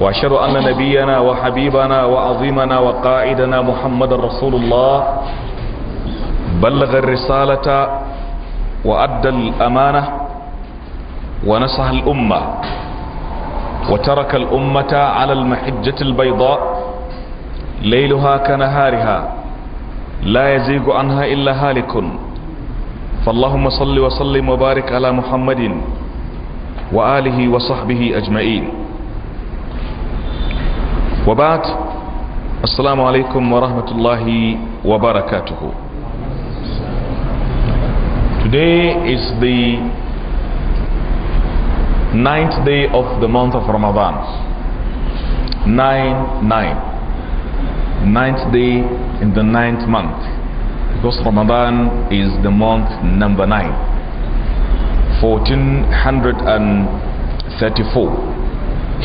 وأشهد أن نبينا وحبيبنا وعظيمنا وقائدنا محمد رسول الله بلغ الرسالة وأدى الأمانة ونصح الأمة وترك الأمة على المحجة البيضاء ليلها كنهارها لا يزيغ عنها إلا هالك فاللهم صل وسلم وبارك على محمد وآله وصحبه أجمعين وبعد السلام عليكم ورحمة الله وبركاته Today is the ninth day of the month of Ramadan. Nine, nine. Ninth day in the ninth month. Because Ramadan is the month number nine. 1434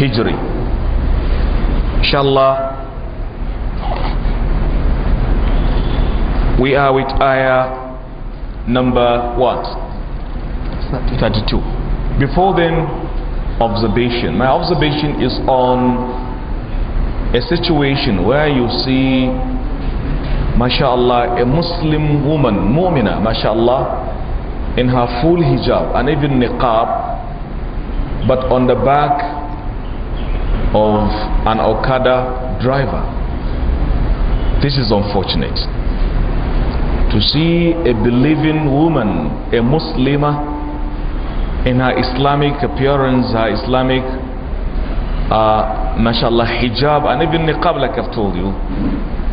Hijri inshallah we are with ayah number what 32 before then observation my observation is on a situation where you see mashallah a muslim woman mu'mina mashallah in her full hijab and even niqab but on the back of an Okada driver. This is unfortunate. To see a believing woman, a Muslima, in her Islamic appearance, her Islamic, uh, mashallah, hijab, and even niqab, like I've told you,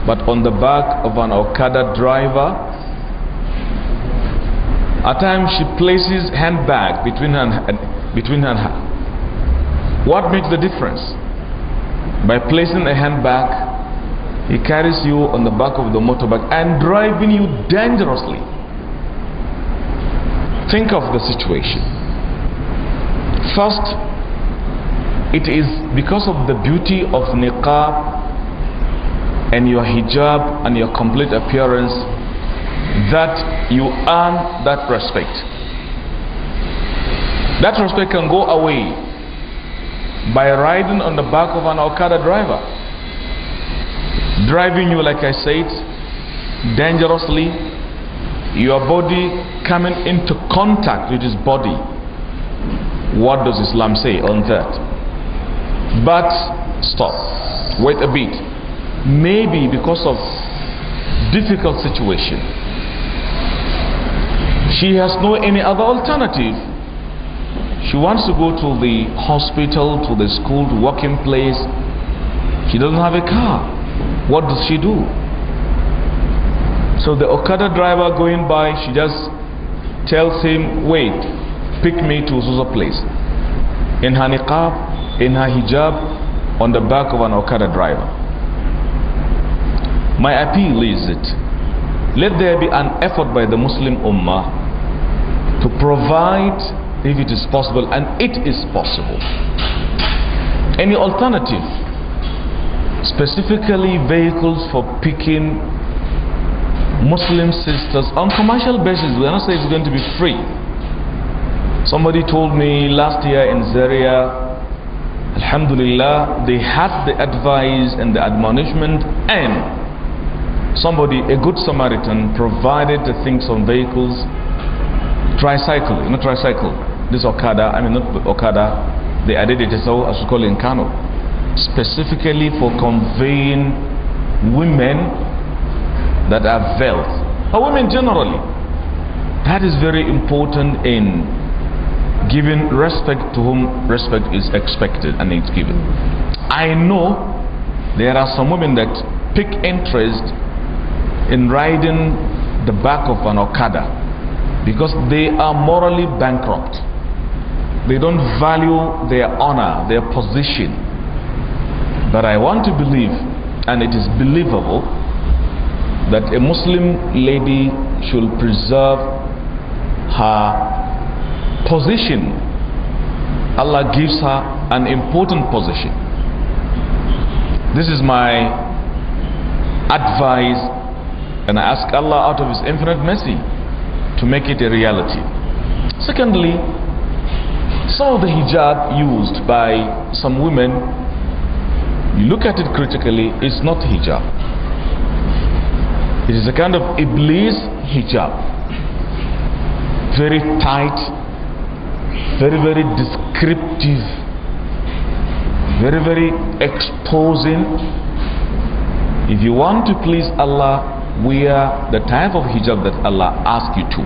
but on the back of an Okada driver, at times she places handbag between her between her her. What makes the difference? by placing a handbag he carries you on the back of the motorbike and driving you dangerously think of the situation first it is because of the beauty of niqab and your hijab and your complete appearance that you earn that respect that respect can go away by riding on the back of an Okada driver. Driving you, like I said, dangerously, your body coming into contact with his body. What does Islam say on that? But stop, wait a bit. Maybe because of difficult situation, she has no any other alternative she wants to go to the hospital, to the school, to working place. She doesn't have a car. What does she do? So the Okada driver going by, she just tells him, wait, pick me to Susa place. In her niqab, in her hijab, on the back of an Okada driver. My appeal is it, let there be an effort by the Muslim Ummah to provide if it is possible and it is possible any alternative specifically vehicles for picking Muslim sisters on commercial basis we are not saying it's going to be free somebody told me last year in Zaria Alhamdulillah they had the advice and the admonishment and somebody a good Samaritan provided the things on vehicles tricycle not tricycle this Okada, I mean not Okada, the Adedetesau, as we call it in Kano, specifically for conveying women that are veiled, or women generally. That is very important in giving respect to whom respect is expected and it's given. I know there are some women that pick interest in riding the back of an Okada because they are morally bankrupt. They don't value their honor, their position. But I want to believe, and it is believable, that a Muslim lady should preserve her position. Allah gives her an important position. This is my advice, and I ask Allah out of His infinite mercy to make it a reality. Secondly, some of the hijab used by some women you look at it critically it's not hijab it is a kind of iblis hijab very tight very very descriptive very very exposing if you want to please Allah wear the type of hijab that Allah asks you to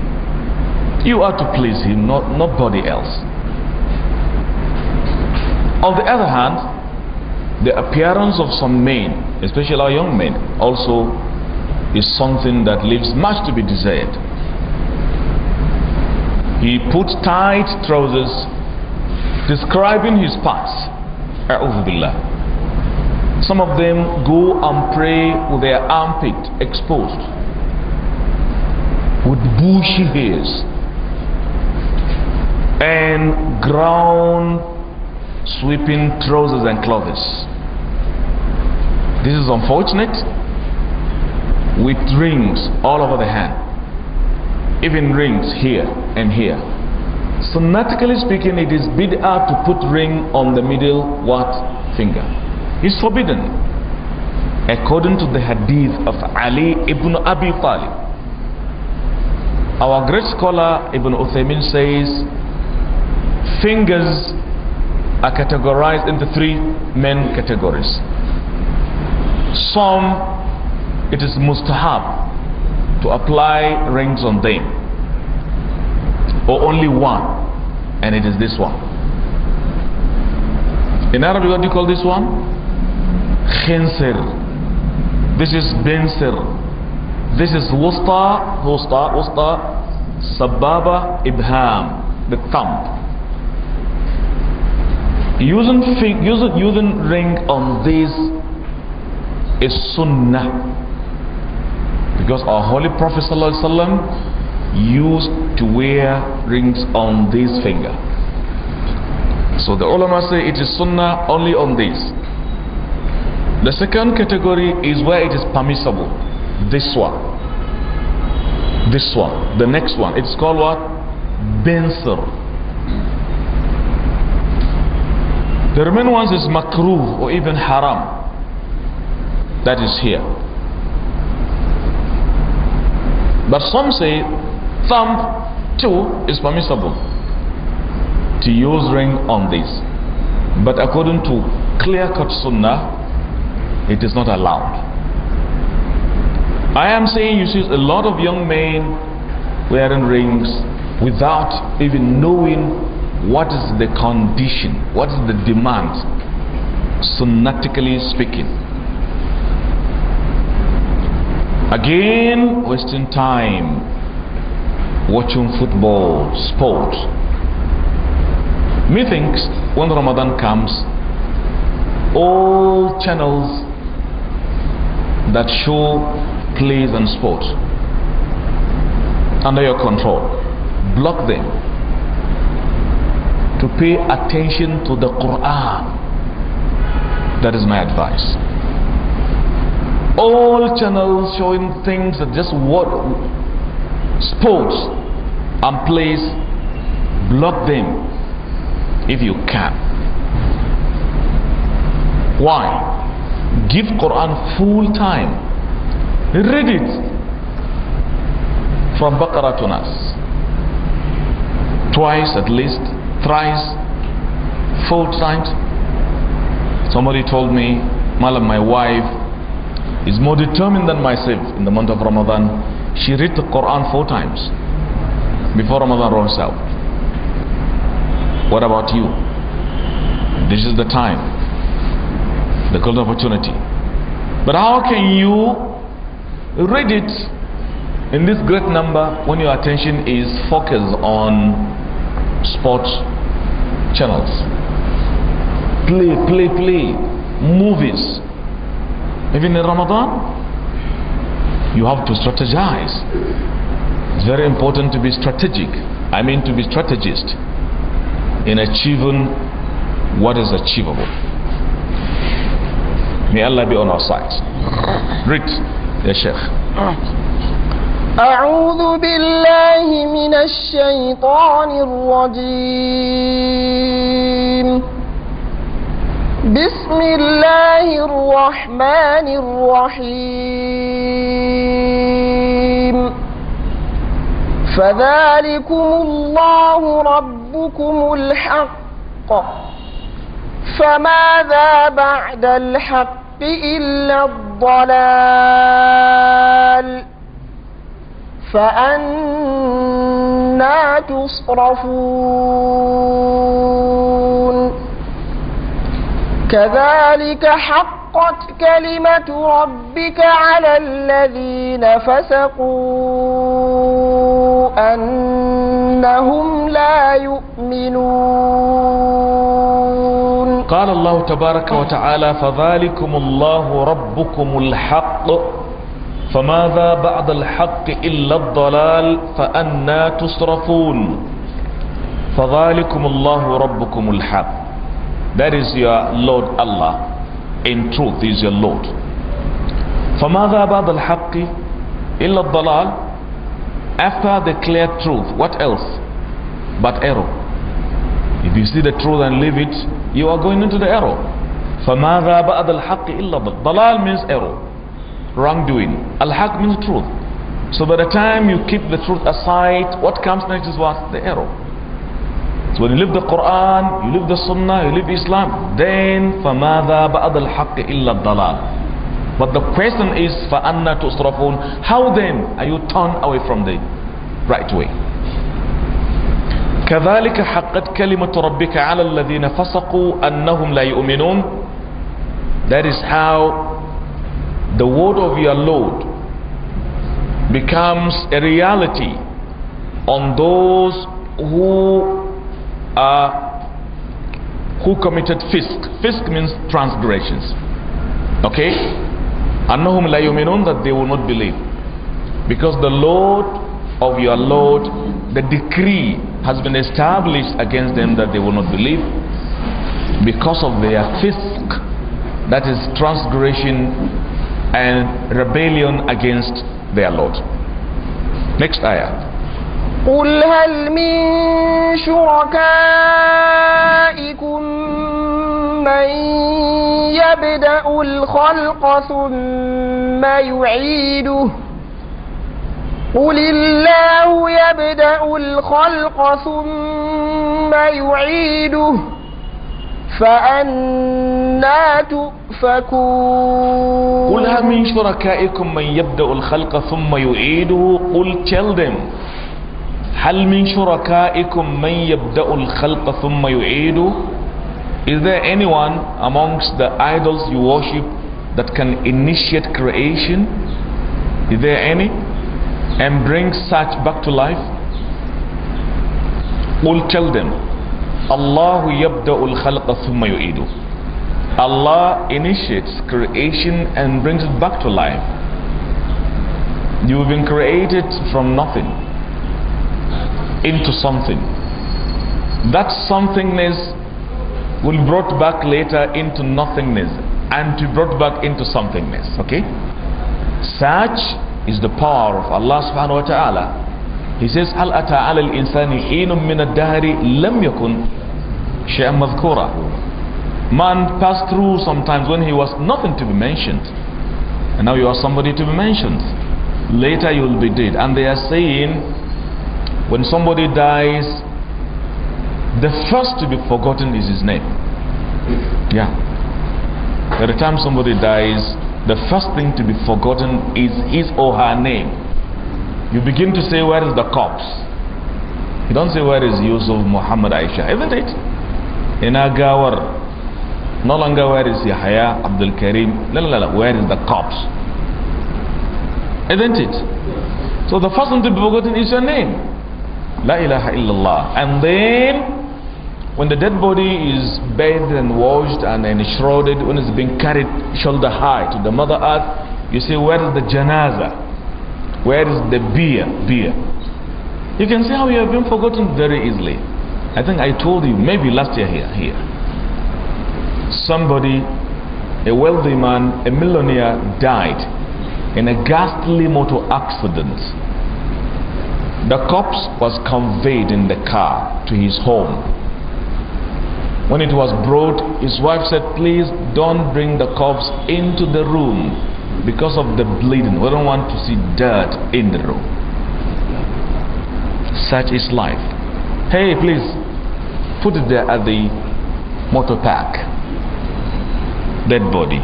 you are to please him not nobody else on the other hand, the appearance of some men, especially our young men, also is something that leaves much to be desired. He put tight trousers describing his parts. Some of them go and pray with their armpit exposed, with bushy hairs, and ground sweeping trousers and clothes. This is unfortunate with rings all over the hand, even rings here and here. nautically speaking, it is bid'ah to put ring on the middle what finger. It's forbidden according to the hadith of Ali ibn Abi Talib. Our great scholar Ibn Uthaymin says, fingers are categorized into three main categories. Some, it is mustahab to apply rings on them, or only one, and it is this one. In Arabic, what do you call this one? Khinsir. This is Bensir. This is wusta, wusta, wusta, sababa, ibham, the thumb. Using, using, using ring on this is sunnah. Because our Holy Prophet ﷺ used to wear rings on this finger. So the ulama say it is sunnah only on this. The second category is where it is permissible. This one. This one. The next one. It's called what? Bensir. The remaining ones is makruh or even haram. That is here. But some say thumb too is permissible to use ring on this. But according to clear cut sunnah, it is not allowed. I am saying you see a lot of young men wearing rings without even knowing what is the condition what is the demand sunnatically speaking again wasting time watching football sport methinks when ramadan comes all channels that show plays and sport under your control block them to pay attention to the Quran. That is my advice. All channels showing things that just what sports and plays, block them if you can. Why? Give Quran full time. Read it from Baqarah to Nas. Twice at least thrice, four times. Somebody told me, Malam, my wife is more determined than myself in the month of Ramadan. She read the Quran four times before Ramadan rolls out. What about you? This is the time, the golden opportunity. But how can you read it in this great number when your attention is focused on sports channels. Play, play, play. Movies. Even in Ramadan, you have to strategize. It's very important to be strategic. I mean to be strategist in achieving what is achievable. May Allah be on our side. Read, Ya Sheikh. أعوذ بالله من الشيطان الرجيم بسم الله الرحمن الرحيم فذلكم الله ربكم الحق فماذا بعد الحق إلا الضلال فأنا تصرفون كذلك حقت كلمة ربك على الذين فسقوا أنهم لا يؤمنون قال الله تبارك وتعالى فذلكم الله ربكم الحق فماذا بعد الحق إلا الضلال فأنا تصرفون فذلكم الله ربكم الحق That is your Lord Allah In truth is your Lord فماذا بعد الحق إلا الضلال After the clear truth What else but error If you see the truth and leave it You are going into the error فماذا بعد الحق إلا الضلال Dalal means error wrongdoing. Al-haq means truth. So by the time you keep the truth aside, what comes next is what? The error. So when you leave the Quran, you leave the Sunnah, you leave Islam, then فَمَاذَا بَعَدَ الْحَقِّ إِلَّا الضَّلَالِ But the question is, فَأَنَّا تُصْرَفُونَ How then are you turned away from the right way? كذلك حقت كلمة ربك على الذين فسقوا أنهم لا يؤمنون That is how the word of your Lord becomes a reality on those who are who committed fisk. Fisk means transgressions. Okay? Annahum la yuminun that they will not believe. Because the Lord of your Lord, the decree has been established against them that they will not believe. Because of their fisk, that is transgression and rebellion against their Lord. Next ayah. قل هل من شركائكم من يبدأ الخلق ثم يعيده قل الله يبدأ الخلق ثم يعيده فأنا تؤفكون قل هل من شركائكم من يبدأ الخلق ثم يعيده قل tell them هل من شركائكم من يبدأ الخلق ثم يعيده Is there anyone amongst the idols you worship that can initiate creation? Is there any? And bring such back to life? We'll tell them, Allahu yabda'ul khalqa thumma yu'idu. Allah initiates creation and brings it back to life. You've been created from nothing into something. That somethingness will be brought back later into nothingness and to be brought back into somethingness. Okay? Such is the power of Allah subhanahu wa ta'ala. He says, هل al-Insani الإنسان min من الدهر لم يكن شيئا مذكورا. Man passed through sometimes when he was nothing to be mentioned. And now you are somebody to be mentioned. Later you will be dead. And they are saying, when somebody dies, the first to be forgotten is his name. Yeah. By the time somebody dies, the first thing to be forgotten is his or her name you begin to say, where is the corpse? You don't say, where is Yusuf Muhammad Aisha, isn't it? In Agawar, no longer where is Yahya Abdul Karim, la, la, la, where is the corpse? Isn't it? So the first thing to be forgotten is your name. La ilaha illallah. And then, when the dead body is bathed and washed and enshrouded, when it's being carried shoulder high to the mother earth, you say, where is the janazah? Where is the beer? Beer. You can see how you have been forgotten very easily. I think I told you maybe last year here. Here, somebody, a wealthy man, a millionaire, died in a ghastly motor accident. The corpse was conveyed in the car to his home. When it was brought, his wife said, Please don't bring the corpse into the room because of the bleeding. We don't want to see dirt in the room. Such is life. Hey, please put it there at the motor park. Dead body.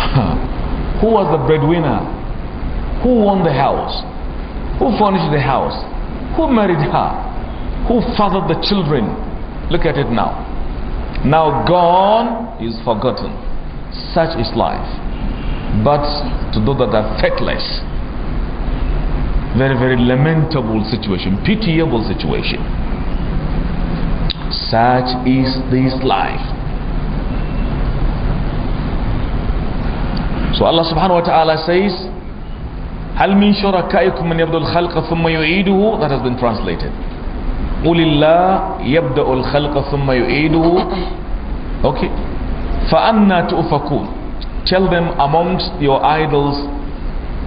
Who was the breadwinner? Who won the house? Who furnished the house? Who married her? Who fathered the children? Look at it now. Now gone is forgotten. Such is life but to those that are faithless. Very, very lamentable situation, pitiable situation. Such is this life. So Allah subhanahu wa ta'ala says, هل من شركائكم من يبدأ الخلق ثم يعيده that has been translated قل الله يبدأ الخلق ثم يعيده okay فأنا تؤفكون Tell them amongst your idols,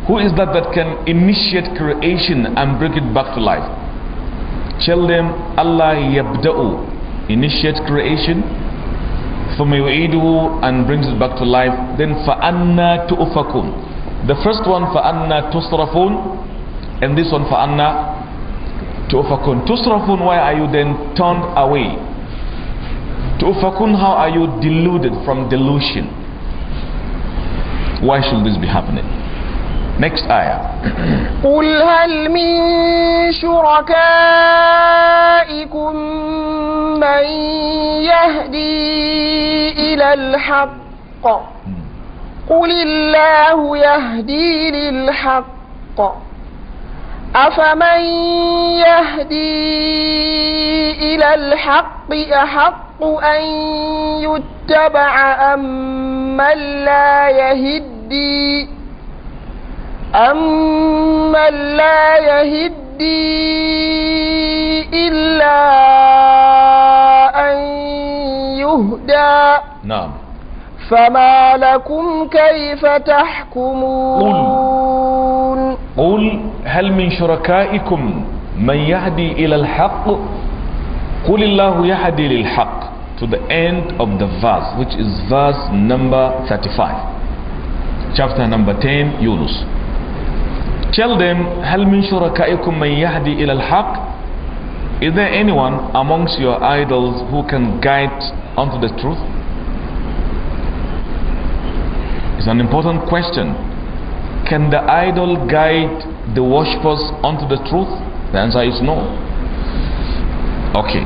who is that that can initiate creation and bring it back to life? Tell them Allah yabda'u, initiate creation, thumma yu'iduhu and brings it back to life. Then fa'anna tu'ufakun. The first one fa'anna tusrafun and this one fa'anna tu'ufakun. Tusrafun, why are you then turned away? Tu'ufakun, how are you deluded from delusion? why should this be happening next ayah قل هل من شركائكم من يهدي إلى الحق قل الله يهدي للحق أفمن يهدي إلى الحق أحق أن يتبع أم لا يهد يهدي أمن لا يهدي إلا أن يهدى نعم فما لكم كيف تحكمون قل, قل هل من شركائكم من يهدي إلى الحق قل الله يهدي للحق to the end of the verse which is verse number 35 chapter number 10 Yunus tell them hal min shurakaikum man yahdi ila al-haq is there anyone amongst your idols who can guide unto the truth it's an important question can the idol guide the worshippers unto the truth the answer is no okay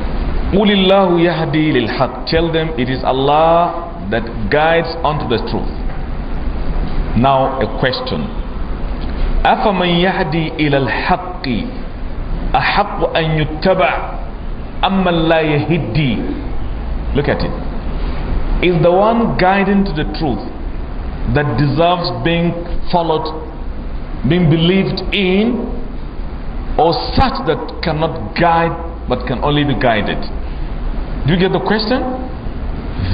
tell them it is Allah that guides unto the truth now a question. أَفَمَنْ يَهْدِي إِلَى الْحَقِّ أَحَقُّ أَنْ يُتَّبَعَ أَمَّا لَا يَهِدِّي Look at it. Is the one guiding to the truth that deserves being followed, being believed in, or such that cannot guide but can only be guided? Do you get the question?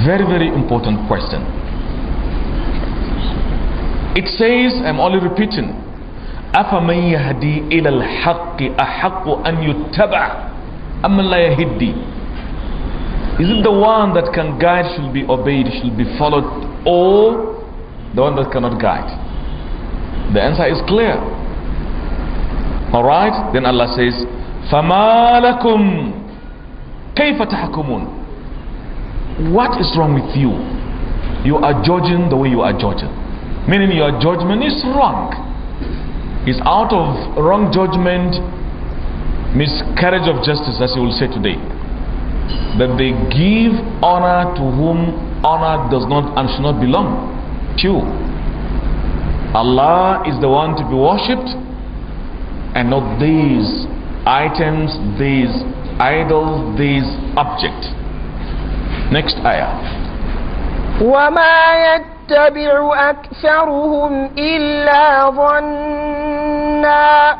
Very, very important question. It says, I'm only repeating, أَفَمَنْ يَهْدِي إِلَى الْحَقِّ أَحَقُّ أَنْ يُتَّبَعَ أَمَّنْ لَا يَهِدِّي it the one that can guide should be obeyed, should be followed, or the one that cannot guide? The answer is clear. Alright? Then Allah says, فَمَا لَكُمْ كَيْفَ تَحْكُمُونَ What is wrong with you? You are judging the way you are judging. Meaning your judgment is wrong. It's out of wrong judgment, miscarriage of justice, as you will say today. That they give honor to whom honor does not and should not belong to. Allah is the one to be worshipped and not these items, these idols, these objects. Next ayah. يتبع أكثرهم إلا ظنا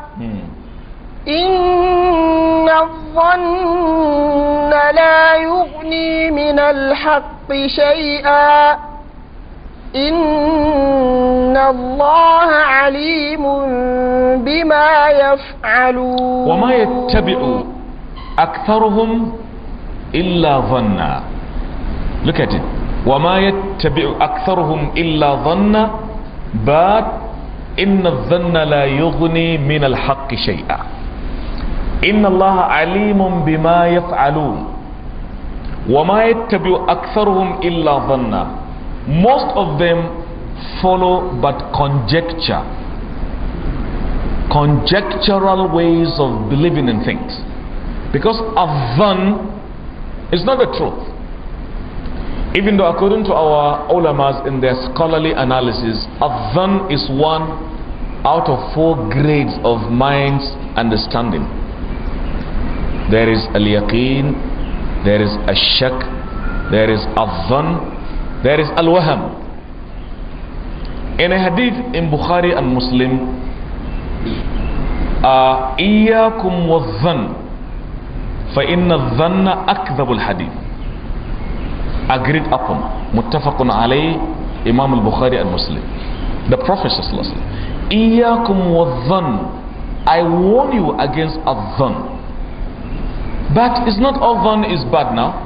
إن الظن لا يغني من الحق شيئا إن الله عليم بما يفعلون وما يتبع أكثرهم إلا ظنا Look at it. وما يتبع أكثرهم إلا ظن بات إن الظن لا يغني من الحق شيئا إن الله عليم بما يفعلون وما يتبع أكثرهم إلا ظن most of them follow but conjecture conjectural ways of believing in things because a dhan is not the truth Even though according to our ulamas in their scholarly analysis, adhan is one out of four grades of mind's understanding. There is al-yaqeen, there is ash-shak, there is adhan, there is al-waham. In a hadith in Bukhari and Muslim, إياكم والظن فإن الظن أكذب الحديث agreed upon muttafaqun alayh Imam al-Bukhari and Muslim the Prophet iyakum wadhan I warn you against adhan but it's not all dhan is bad now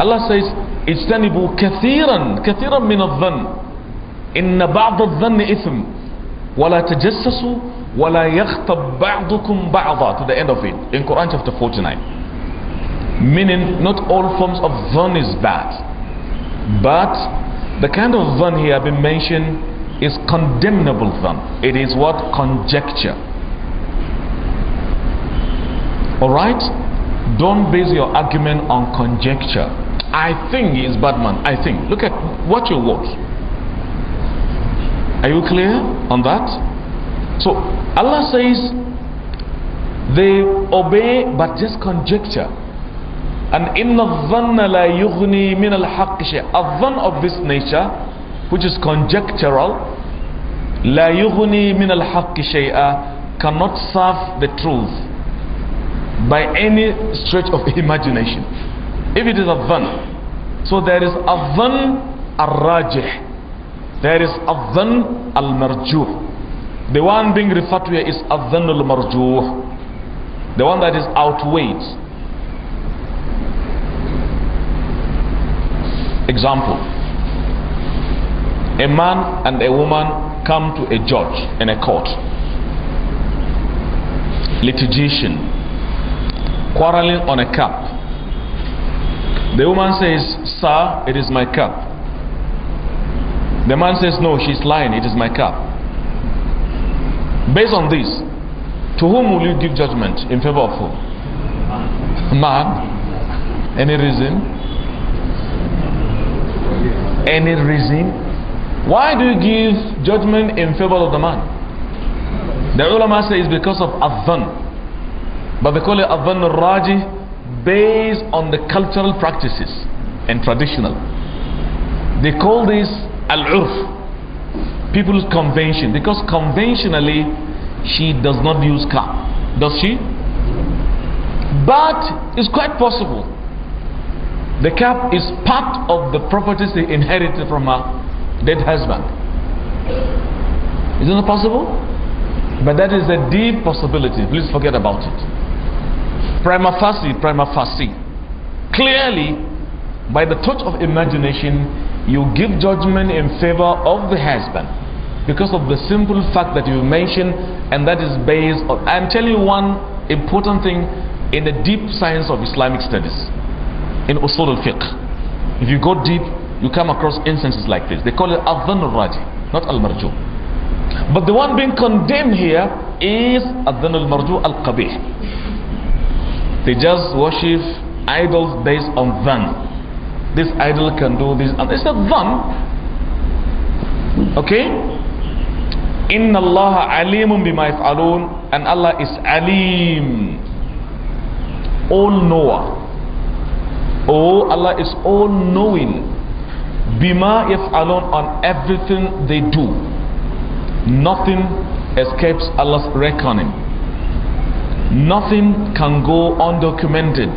Allah says kathiran كثيرا كثيرا من الظن إن بعض الظن إثم ولا تجسسوا ولا يغتب بعضكم بعضا to the end of it in Quran chapter 49 Meaning, not all forms of zon is bad. But the kind of zon here I've been mentioned is condemnable zon. It is what? Conjecture. Alright? Don't base your argument on conjecture. I think he is bad man. I think. Look at what your words. Are you clear on that? So Allah says they obey but just conjecture. And in the la yughni min al A dhan of this nature, which is conjectural, la yughni min al cannot serve the truth by any stretch of imagination. If it is a dhan, so there is a dhan al-rajih. There is a dhan al-marjuh. The one being referred to here is a dhan al-marjuh. The one that is outweighed Example A man and a woman come to a judge in a court. Litigation. Quarreling on a cup. The woman says, Sir, it is my cup. The man says, No, she's lying, it is my cup. Based on this, to whom will you give judgment in favor of whom? Man. Any reason? any reason? Why do you give judgment in favor of the man? The ulama say it's because of adhan. But they call it adhan raji based on the cultural practices and traditional. They call this al-urf, people's convention. Because conventionally, she does not use car. Does she? But it's quite possible the cap is part of the properties they inherited from her dead husband. Isn't it possible? But that is a deep possibility. Please forget about it. Prima facie, prima facie. Clearly, by the touch of imagination, you give judgment in favor of the husband because of the simple fact that you mentioned, and that is based on. I'm telling you one important thing in the deep science of Islamic studies in usul al-fiqh. If you go deep, you come across instances like this. They call it adhan al-raji, not al-marju. But the one being condemned here is adhan al-marju al-qabih. They just worship idols based on dhan. This idol can do this, and it's not dhan. Okay? Inna Allah alimun bima yaf'alun and Allah is alim all knower Oh, Allah is all knowing. Bima if alone on everything they do. Nothing escapes Allah's reckoning. Nothing can go undocumented,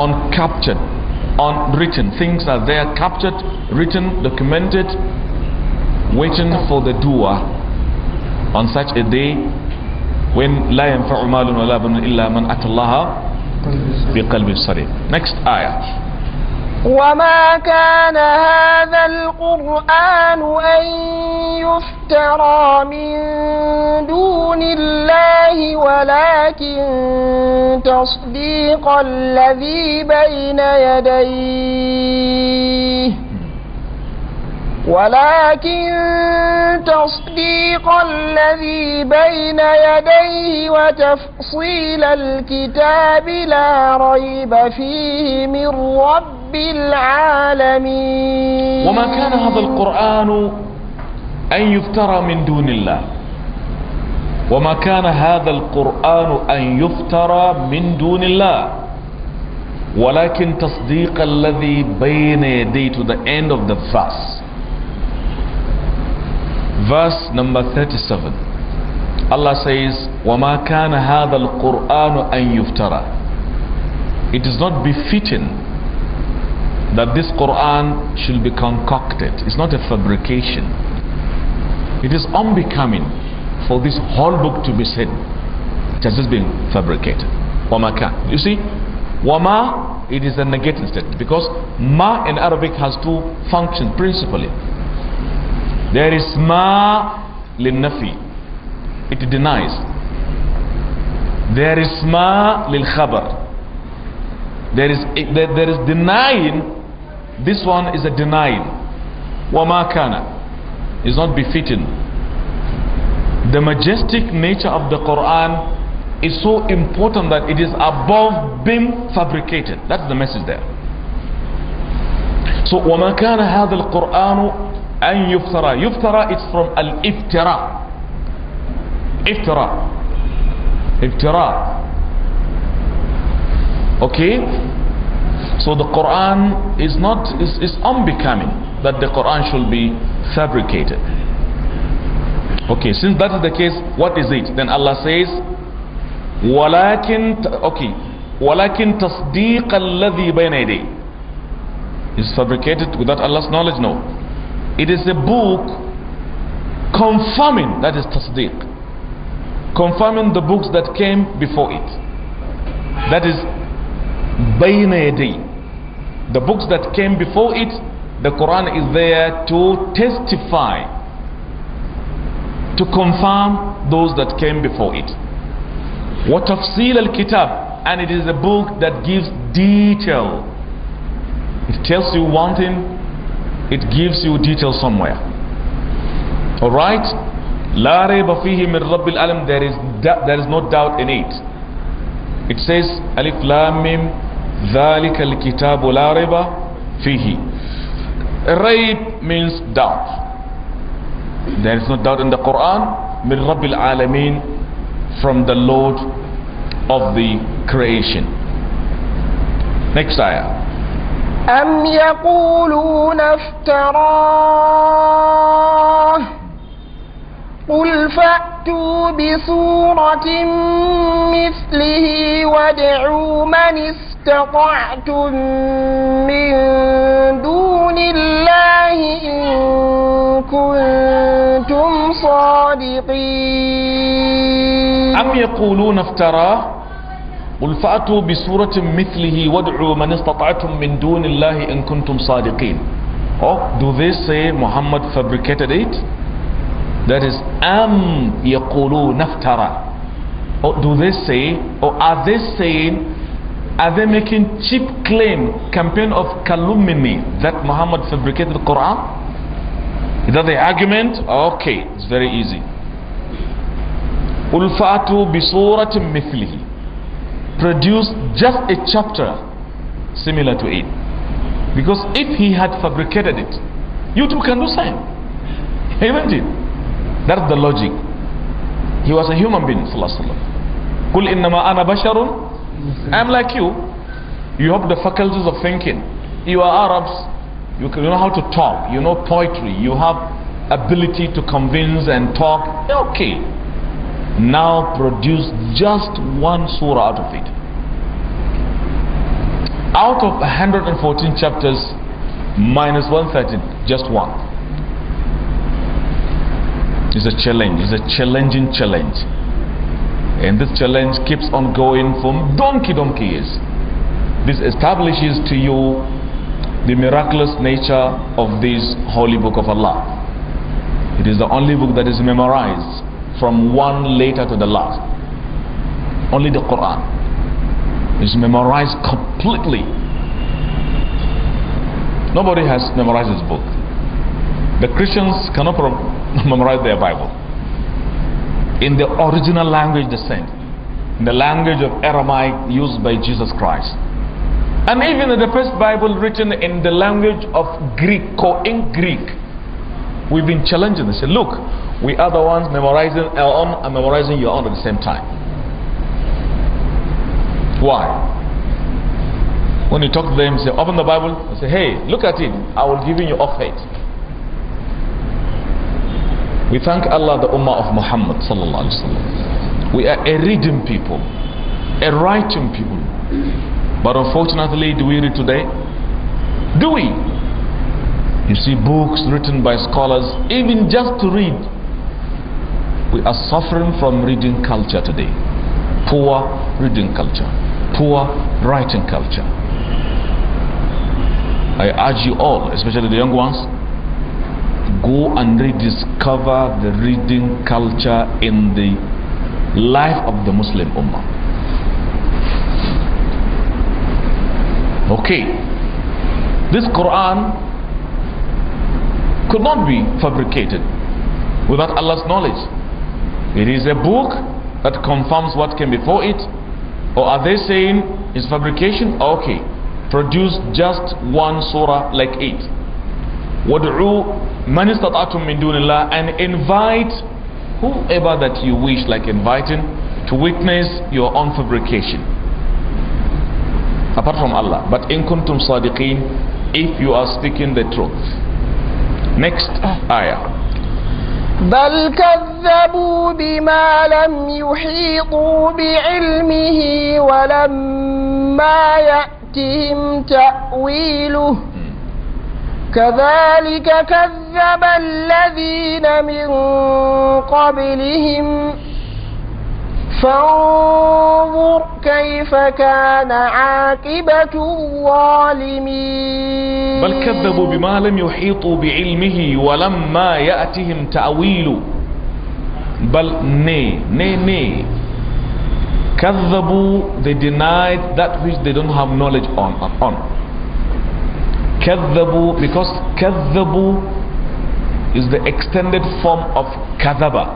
uncaptured, unwritten. Things are there captured, written, documented, waiting for the doer on such a day when لا ينفع مال ولا بن إلا من أتى الله بقلب سليم نكست آية وما كان هذا القرآن أن يفترى من دون الله ولكن تصديق الذي بين يديه ولكن تصديق الذي بين يديه وتفصيل الكتاب لا ريب فيه من رب العالمين وما كان هذا القرآن أن يفترى من دون الله وما كان هذا القرآن أن يفترى من دون الله ولكن تصديق الذي بين يديه to the end of the verse verse number 37 Allah says وَمَا كَانَ هَذَا الْقُرْآنُ أَن يُفْتَرَى it is not befitting that this Quran should be concocted it's not a fabrication it is unbecoming for this whole book to be said it has just been fabricated وَمَا كَانَ you see وَمَا it is a negative statement because ma in Arabic has two functions principally there is ma linnafi. It denies. There is ma lil theres There is there, there is denying. This one is a denying. Wama kana is not befitting. The majestic nature of the Quran is so important that it is above being fabricated. That's the message there. So وما كان هذا القرآن and yuftara yuftara It's from al iftira iftira iftira okay so the quran is not is, is unbecoming that the quran should be fabricated okay since that is the case what is it then allah says walakin okay walakin tasdiq alladhi bayna is fabricated without allah's knowledge no it is a book confirming, that is tasdeeq, confirming the books that came before it. That is bayna The books that came before it, the Quran is there to testify, to confirm those that came before it. What tafsil al-kitab, and it is a book that gives detail. It tells you one thing, it gives you details somewhere all right la fihi min rabbil alam there is there is no doubt in it it says alif lamim, mim dhalika alkitabu la rayba fihi rayb means doubt there is no doubt in the Quran min rabbil alamin from the lord of the creation next ayah أم يقولون افتراه قل فأتوا بسورة مثله وادعوا من استطعتم من دون الله إن كنتم صادقين أم يقولون افتراه قل فأتوا بسورة مثله وادعوا من استطعتم من دون الله إن كنتم صادقين or do they say Muhammad fabricated it that is am yaqulu naftara. or do they say or are they saying are they making cheap claim campaign of calumny that Muhammad fabricated the Quran is that the argument okay it's very easy Ulfatu bi suratim mithlihi. produce just a chapter similar to it. Because if he had fabricated it, you too can do same. Haven't it? That's the logic. He was a human being, sallallahu Alaihi Wasallam. I'm like you. You have the faculties of thinking. You are Arabs. You know how to talk. You know poetry. You have ability to convince and talk. Okay now produce just one surah out of it out of 114 chapters minus 113, just one it's a challenge it's a challenging challenge and this challenge keeps on going from donkey donkey years this establishes to you the miraculous nature of this holy book of Allah it is the only book that is memorized from one letter to the last. Only the Quran is memorized completely. Nobody has memorized this book. The Christians cannot memorize their Bible. In the original language they sent, in the language of Aramaic used by Jesus Christ. And even the first Bible written in the language of Greek, co in Greek, we've been challenging. They say, look, we are the ones memorizing our own and memorizing your own at the same time. Why? When you talk to them, say, open the Bible and say, hey, look at it. I will give you of faith. We thank Allah, the Ummah of Muhammad. We are a reading people, a writing people. But unfortunately, do we read today? Do we? You see books written by scholars, even just to read, we are suffering from reading culture today. Poor reading culture, poor writing culture. I urge you all, especially the young ones, go and rediscover the reading culture in the life of the Muslim Ummah. Okay, this Quran could not be fabricated without Allah's knowledge. It is a book that confirms what came before it. Or are they saying it's fabrication? Okay. Produce just one surah like it. وَدْعُوا مَنِ اسْتَطَعْتُم مِّن دُونِ And invite whoever that you wish, like inviting, to witness your own fabrication. Apart from Allah. But in kuntum sadiqeen, if you are speaking the truth. Next ah. ayah. بل كذبوا بما لم يحيطوا بعلمه ولما يأتهم تأويله كذلك كذب الذين من قبلهم فانظر كيف كان عاقبة الظالمين بل كذبوا بما لم يحيطوا بعلمه ولما يأتهم تأويل بل ني ني ني كذبوا they denied that which they don't have knowledge on on كذبوا because كذبوا is the extended form of كذبه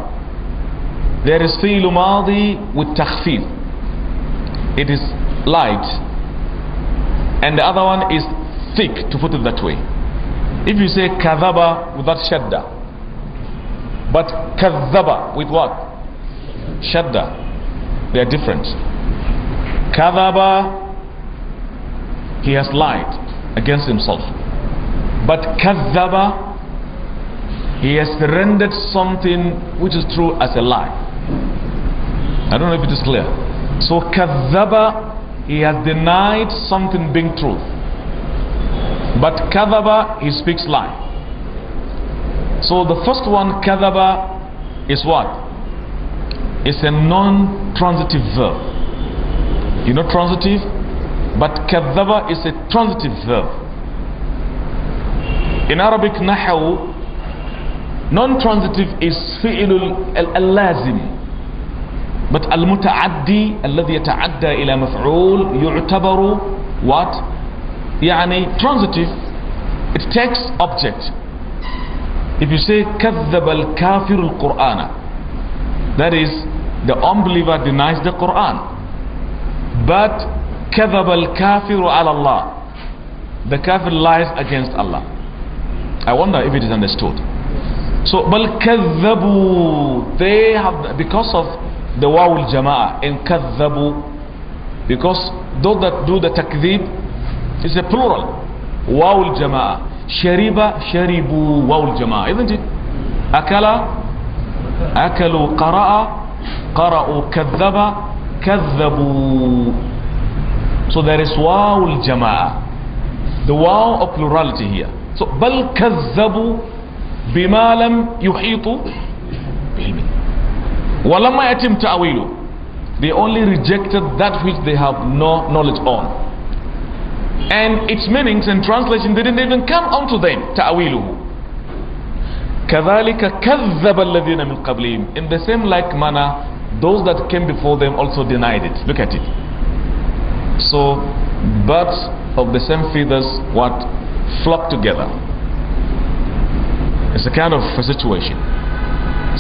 There is fi'l madi with takhfif. It is light. And the other one is thick, to put it that way. If you say kadhaba without shadda, but kadhaba with what? Shadda. They are different. Kadhaba, he has lied against himself. But kadhaba, he has rendered something which is true as a lie. I don't know if it is clear. So kadhaba, he has denied something being truth. But kadhaba, he speaks lie. So the first one, kadhaba, is what? It's a non-transitive verb. You know transitive? But kadhaba is a transitive verb. In Arabic, nahaw, non-transitive is fi'ilul al-lazim. But al-muta'addi, الذي يتعدى إلى مفعول يعتبر what? يعني transitive. It takes object. If you say كذب الكافر القرآن that is the unbeliever denies the Quran. But كذب الكافر على الله the kafir lies against Allah. I wonder if it is understood. So, بل كذبوا they have because of the wawul jama'ah in kadhabu because those that do the takdhib is a plural wawul jama'ah shariba sharibu wawul jama'ah isn't it akala akalu qara'a qara'u kadhaba kadhabu so there is wawul jama'ah the waw of plurality here so bal kadhabu bima lam yuhitu bilmin Walama yatim They only rejected that which they have no knowledge on. And its meanings and translation didn't even come onto them. Taawilu. كَذَلِكَ كَذَّبَ الَّذِينَ مِنْ قَبْلِهِمْ In the same like manner, those that came before them also denied it. Look at it. So, birds of the same feathers, what? Flock together. It's a kind of a situation.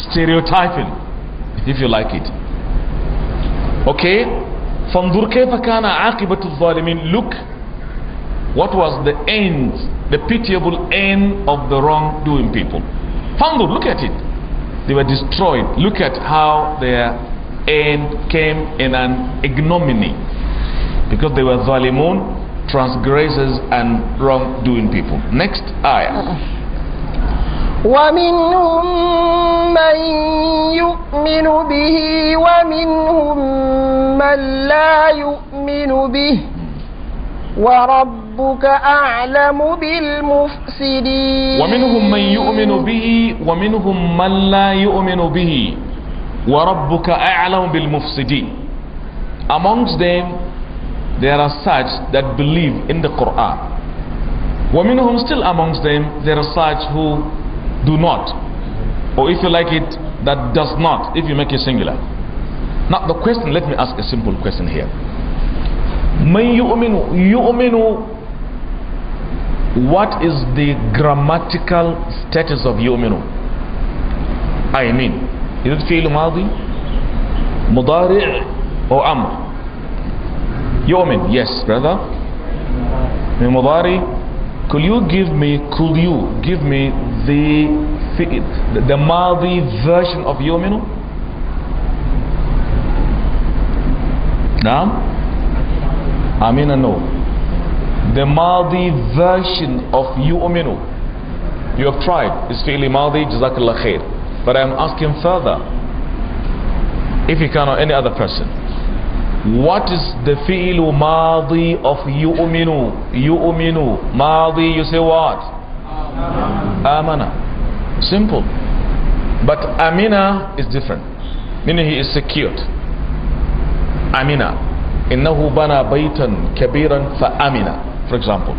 Stereotyping if you like it okay فانظر كيف كان عاقبة الظالمين look what was the end the pitiable end of the wrongdoing people فانظر look at it they were destroyed look at how their end came in an ignominy because they were ظالمون transgressors and wrongdoing people next ayah uh-uh. ومنهم من يؤمن به ومنهم من لا يؤمن به وربك أعلم بالمفسدين ومنهم من يؤمن به ومنهم من لا يؤمن به وربك أعلم بالمفسدين Amongst them there are such that believe in the Quran ومنهم still amongst them there are such who do not. Or if you like it, that does not, if you make it singular. Now the question, let me ask a simple question here. من You يؤمن what is the grammatical status of يؤمن I mean is it فعل mudari or or أمر يؤمن yes brother mudari' could you give me could you give me the the, the version of Yominu now I mean I know the Madi version of Yominu you have tried it's fi'li Madi Jazakallah khair but I'm asking further if you can or any other person what is the fi'l madi of yu'minu? Yu'minu. Madi, you say what? Amana. Simple. But amina is different. Meaning he is secured. Amina. Innahu bana baytan kabiran fa amina. For example.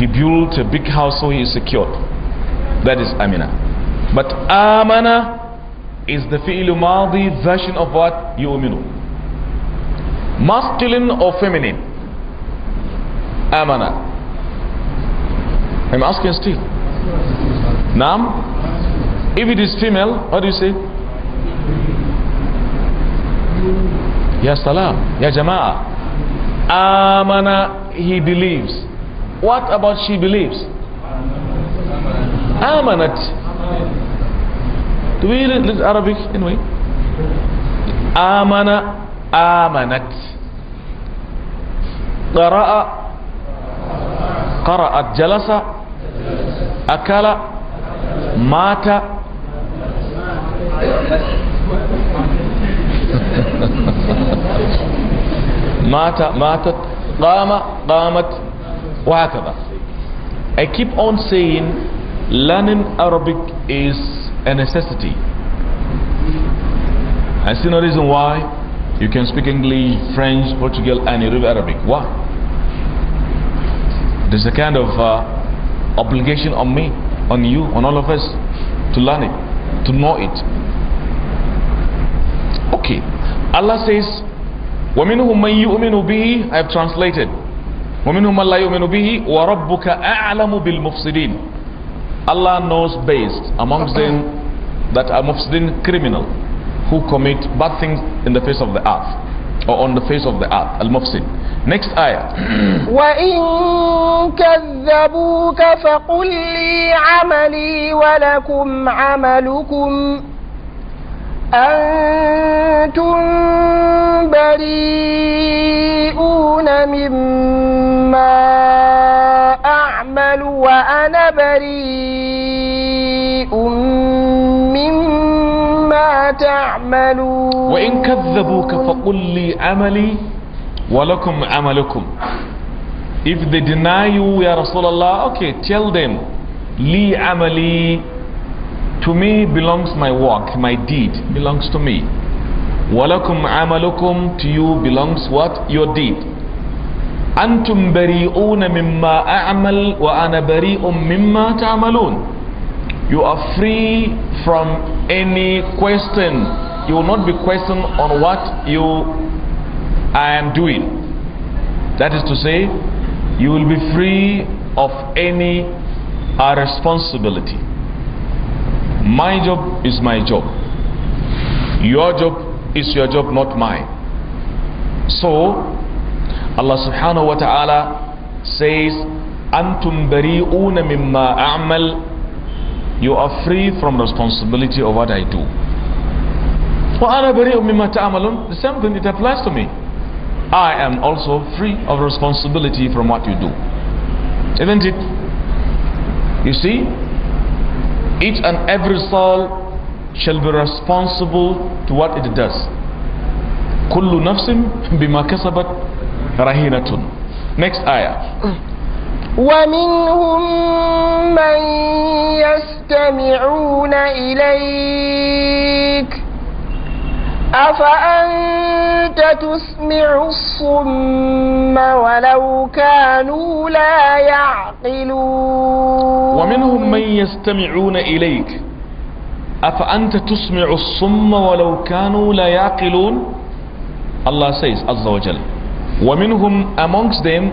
He built a big house so he is secured. That is amina. But amana is the fi'l madi version of what? Yu'minu masculine or feminine? Amana. I'm asking still. Nam? If it is female, what do you say? Ya salam, ya jama'ah. Amana, he believes. What about she believes? Amanat. Do we read Arabic anyway? Amana آمنت قرأ قرأت جلس أكل مات مات ماتت قام قامت وهكذا I keep on saying learning Arabic is a necessity I see no reason why You can speak English, French, Portugal, and you Arabic. Why? There's a kind of uh, obligation on me, on you, on all of us to learn it, to know it. Okay. Allah says, وَمِنْهُمْ مَنْ يُؤْمِنُ بِهِ I have translated. وَمِنْهُمْ مَنْ لَا يُؤْمِنُ بِهِ وَرَبُّكَ أَعْلَمُ بِالْمُفْسِدِينَ Allah knows best amongst them that are mufsidin criminal who commit bad things in the face of the earth or on the face of the earth al-mufsid next ayah qul li 'amali wa lakum 'amalukum antum bari'un mimma a'malu wa ana bari'un تعملون وإن كذبوك فقل لي عملي ولكم عملكم if they deny you يا رسول الله okay tell them لي عملي to me belongs my work my deed belongs to me ولكم عملكم to you belongs what your deed أنتم بريئون مما أعمل وأنا بريء مما تعملون You are free from any question. You will not be questioned on what you I am doing. That is to say, you will be free of any uh, responsibility. My job is my job. Your job is your job, not mine. So, Allah subhanahu wa ta'ala says, أنتم بريئون مما أعمل you are free from responsibility of what I do. The same thing it applies to me. I am also free of responsibility from what you do. Isn't it? You see, each and every soul shall be responsible to what it does. كل نفس بما كسبت رهينة. Next ayah. ومنهم من يستمعون إليك أفأنت تسمع الصم ولو كانوا لا يعقلون ومنهم من يستمعون إليك أفأنت تسمع الصم ولو كانوا لا يعقلون الله says عز وجل ومنهم amongst them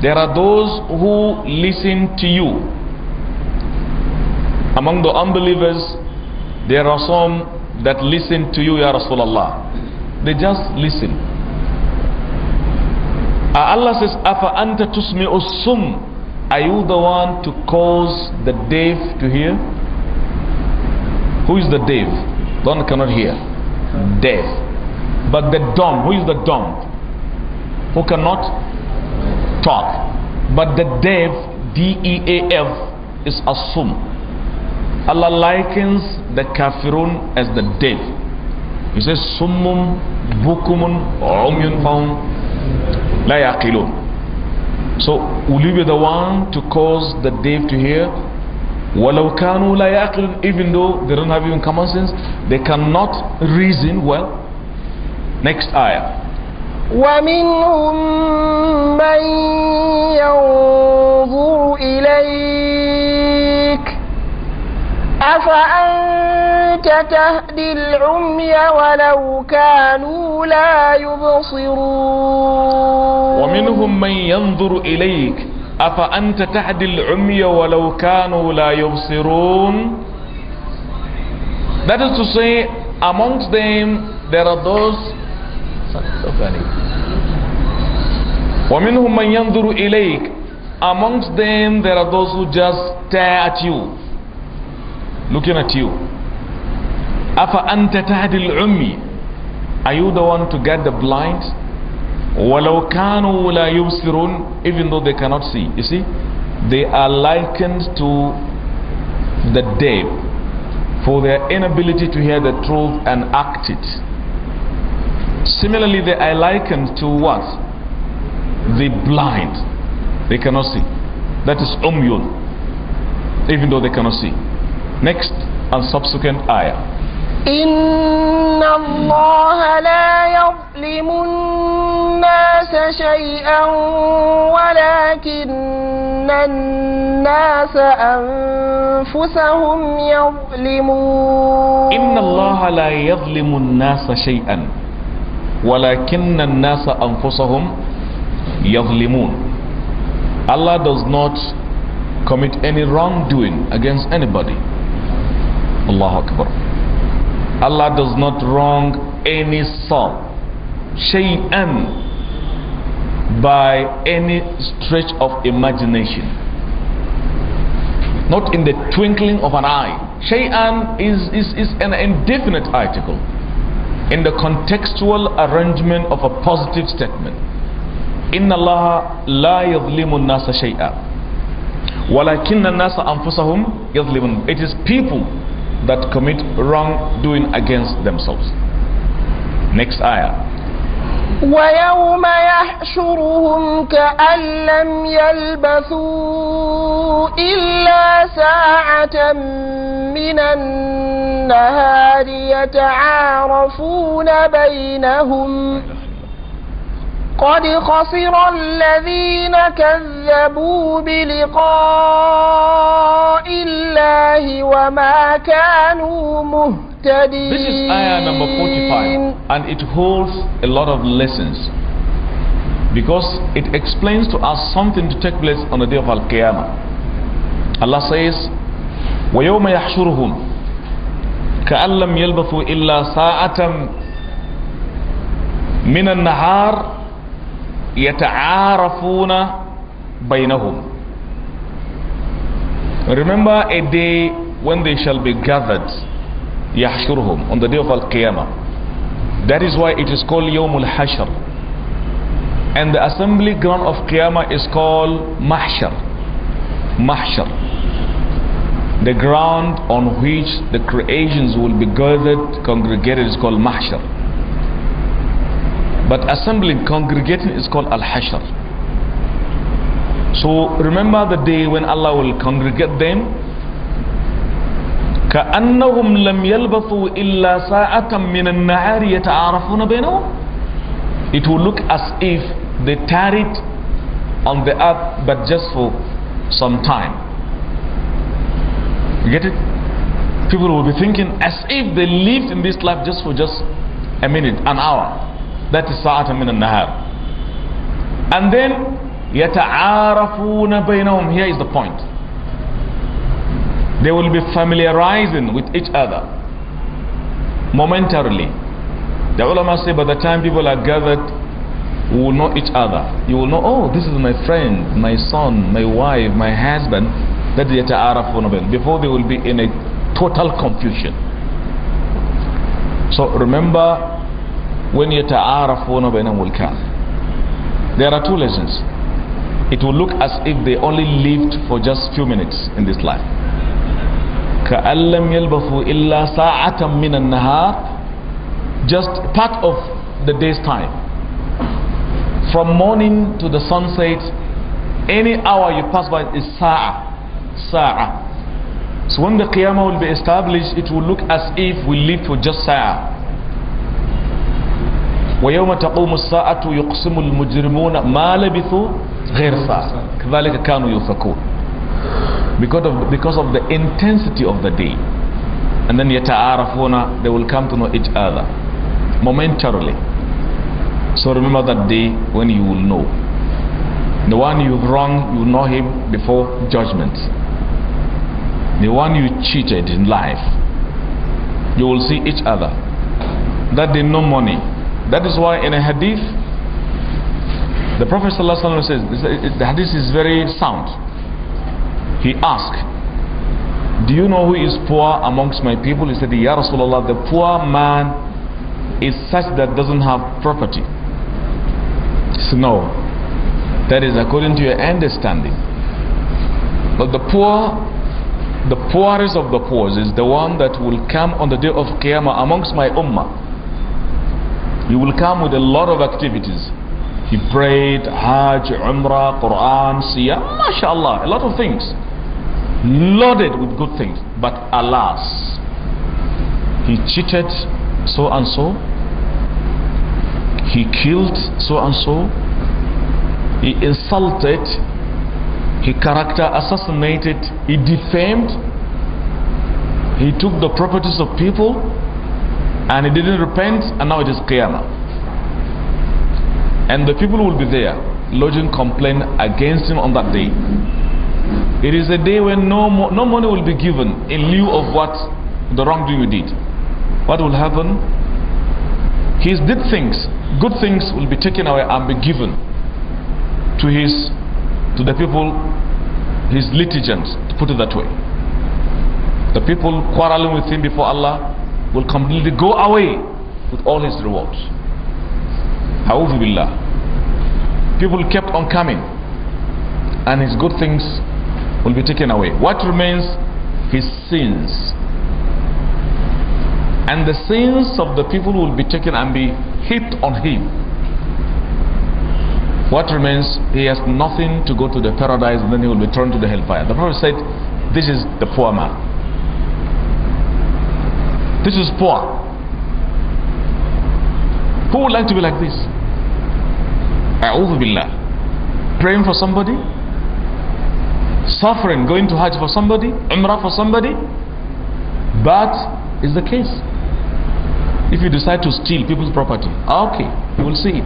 There are those who listen to you. Among the unbelievers, there are some that listen to you, Ya Rasulullah. They just listen. Allah says, Afa anta tusmi sum. Are you the one to cause the deaf to hear? Who is the deaf? The one cannot hear. Deaf. But the dumb, who is the dumb? Who cannot? talk. But the deaf, D-E-A-F, is sum. Allah likens the kafirun as the deaf. He says, summum, bukumun, umyun faun, la yaqilun. So, will you be the one to cause the deaf to hear? Walau kanu لا يعقلون even though they don't have even common sense they cannot reason well next ayah ومنهم من ينظر إليك أفأنت تهدي العمي ولو كانوا لا يبصرون ومنهم من ينظر إليك أفأنت تهدي العمي ولو كانوا لا يبصرون That is to say, amongst them there are those So, funny. وَمِنْهُمْ مَنْ يَنْظُرُ إِلَيْكَ Amongst them there are those who just stare at you. Looking at you. أَفَأَنْتَ تَهْدِ الْعُمِّ Are you the one to get the blind? وَلَوْ كَانُوا لَا يُبْصِرُونَ Even though they cannot see. You see? They are likened to the deaf for their inability to hear the truth and act it. Similarly, they are likened to what? The blind. They cannot see. That is umyun. Even though they cannot see. Next and subsequent ayah. إن الله لا يظلم الناس شيئا ولكن الناس أنفسهم يظلمون إن الله لا يظلم الناس شيئا walakinna nasa anfusahum yadhlimun Allah does not commit any wrongdoing against anybody Allah Akbar Allah does not wrong any soul shay'an by any stretch of imagination not in the twinkling of an eye shay'an is, is, is an indefinite article in the contextual arrangement of a positive statement. إن الله لا يظلم الناس شيئا ولكن الناس أنفسهم يظلمون It is people that commit wrongdoing against themselves. Next ayah. ويوم يحشرهم كأن لم يلبثوا إلا ساعة من النهار يتعارفون بينهم قد خسر الذين كذبوا بلقاء الله وما كانوا مهتدين This is ayah number 45 and it holds a lot of lessons because it explains to us something to take place on the day of Al-Qiyamah. Allah says, وَيَوْمَ يَحْشُرُهُمْ كَأَن لَّمْ يَلْبَثُوا إِلَّا سَاعَةً مِنَ النَّهَارِ yata'arafuna bainahum Remember a day when they shall be gathered yahshurhum on the day of al-qiyamah that is why it is called yawmul hashr and the assembly ground of qiyamah is called mahshar mahshar the ground on which the creations will be gathered congregated is called mahshar but assembling, congregating is called Al-Hashr. So remember the day when Allah will congregate them. كأنهم لم يلبثوا إلا ساعة من النَّعَارِ يتعارفون بينهم It will look as if they tarried on the earth but just for some time. You get it? People will be thinking as if they lived in this life just for just a minute, an hour. That is sa'atan min al-nahar. And then, يَتَعَارَفُونَ بَيْنَهُمْ Here is the point. They will be familiarizing with each other momentarily. The ulama say by the time people are gathered, we will know each other. You will know, oh, this is my friend, my son, my wife, my husband. That is يَتَعَارَفُونَ بَيْنَهُمْ Before they will be in a total confusion. So remember when them will come, there are two lessons it will look as if they only lived for just few minutes in this life كأن يلبثوا إلا ساعة من النهار just part of the day's time from morning to the sunset any hour you pass by is sa'a sa'a so when the qiyamah will be established it will look as if we lived for just sa'a ويوم تقوم الساعة يقسم المجرمون ما لبثوا غير ساعة كذلك كانوا يفكون because of, because of the intensity of the day and then يتعارفون they will come to know each other momentarily so remember that day when you will know the one you've wronged you know him before judgment the one you cheated in life you will see each other that day no money that is why in a hadith, the Prophet ﷺ says, the hadith is very sound. He asked, do you know who is poor amongst my people? He said, Ya Rasulullah, the poor man is such that doesn't have property. He said, no, that is according to your understanding. But the poor, the poorest of the poor is the one that will come on the day of Qiyamah amongst my ummah he will come with a lot of activities. He prayed, Hajj, Umrah, Quran, Siyam, mashallah, a lot of things. Loaded with good things. But alas, he cheated so and so. He killed so and so. He insulted. He character assassinated. He defamed. He took the properties of people and he didn't repent and now it is Qiyamah and the people will be there lodging complaint against him on that day it is a day when no, mo no money will be given in lieu of what the wrongdoing you did what will happen he did things good things will be taken away and be given to his to the people his litigants to put it that way the people quarreling with him before Allah will completely go away with all his rewards. Ha'udhu billah. People kept on coming and his good things will be taken away. What remains? His sins. And the sins of the people will be taken and be heaped on him. What remains? He has nothing to go to the paradise and then he will be turned to the hellfire. The Prophet said, this is the poor man. This is poor. Who would like to be like this? A'udhu Billah. Praying for somebody? Suffering, going to Hajj for somebody? Umrah for somebody? But is the case. If you decide to steal people's property, ah, okay, you will see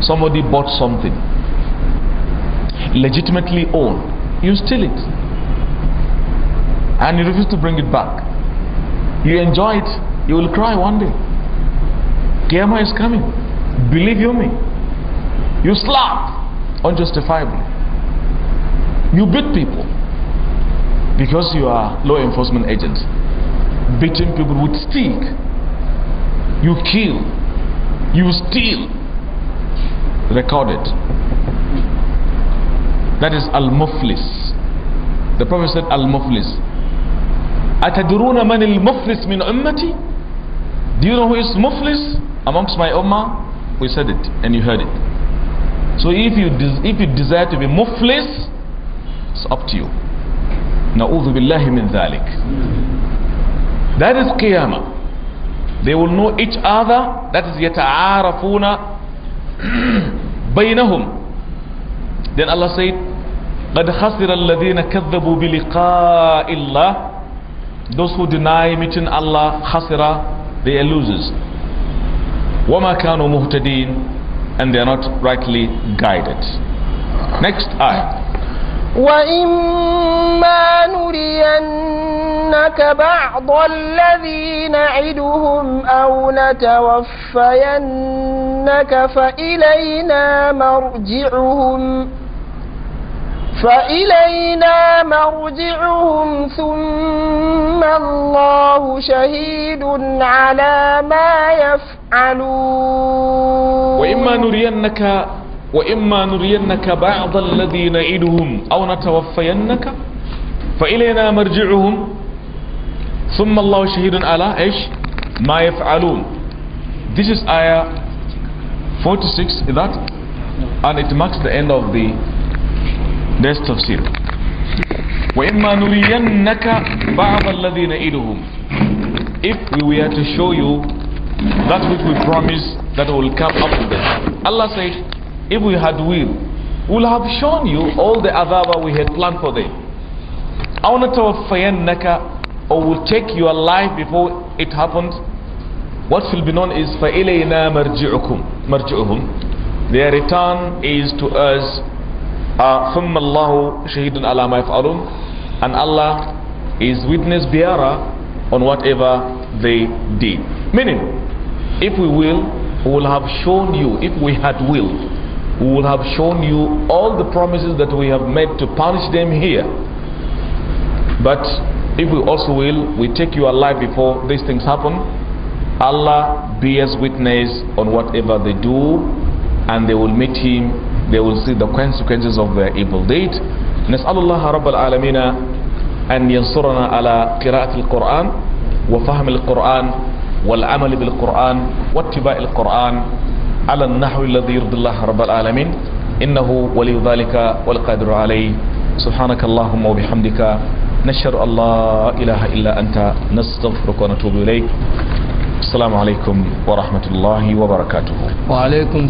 Somebody bought something, legitimately owned, you steal it. And you refuse to bring it back. You enjoy it, you will cry one day. Qiyamah is coming. Believe you me. You slap, unjustifiably. You beat people because you are law enforcement agent. Beating people with stick. You kill. You steal. Recorded. That is al-muflis. The Prophet said al-muflis أتدرون من المفلس من أمتي Do you know who is مفلس amongst my ummah? We said it and you heard it. So if you if you desire to be مفلس it's up to you. نعوذ بالله من ذلك That is qiyamah. They will know each other. That is يتعارفون بينهم Then Allah said, قَدْ خَسِرَ الَّذِينَ كَذَّبُوا بِلِقَاءِ اللَّهِ Those who deny meeting Allah, khasira, they are losers. وَمَا كَانُوا مُهْتَدِينَ And they are not rightly guided. Next ayah. وإما نرينك بعض الذي نعدهم أو نتوفينك فإلينا مرجعهم فإلينا مرجعهم ثم الله شهيد على ما يفعلون وإما نرينك وإما نرينك بعض الذي نعدهم أو نتوفينك فإلينا مرجعهم ثم الله شهيد على إيش ما يفعلون This is ayah 46 is that and it marks the end of the That's tafsir. وَإِمَّا نُرِيَنَّكَ بَعْضَ الَّذِينَ إِلُهُمْ If we were to show you that which we promise that will come up with them. Allah said, if we had will, we'll have shown you all the azaba we had planned for them. أَوْنَتَوَفَّيَنَّكَ Or will take your life before it happens. What will be known is فَإِلَيْنَا مَرْجِعُكُمْ Their return is to us ثم الله شهيد على ما يفعلون and Allah is witness bearer on whatever they did meaning if we will we will have shown you if we had will we will have shown you all the promises that we have made to punish them here but if we also will we take you alive before these things happen Allah bears witness on whatever they do and they will meet him they will see the consequences of their evil deed نسأل الله رب العالمين أن ينصرنا على قراءة القرآن وفهم القرآن والعمل بالقرآن واتباع القرآن على النحو الذي يرضي الله رب العالمين إنه ولي ذلك والقادر عليه سبحانك اللهم وبحمدك نشر الله إله إلا أنت نستغفرك ونتوب إليك السلام عليكم ورحمة الله وبركاته وعليكم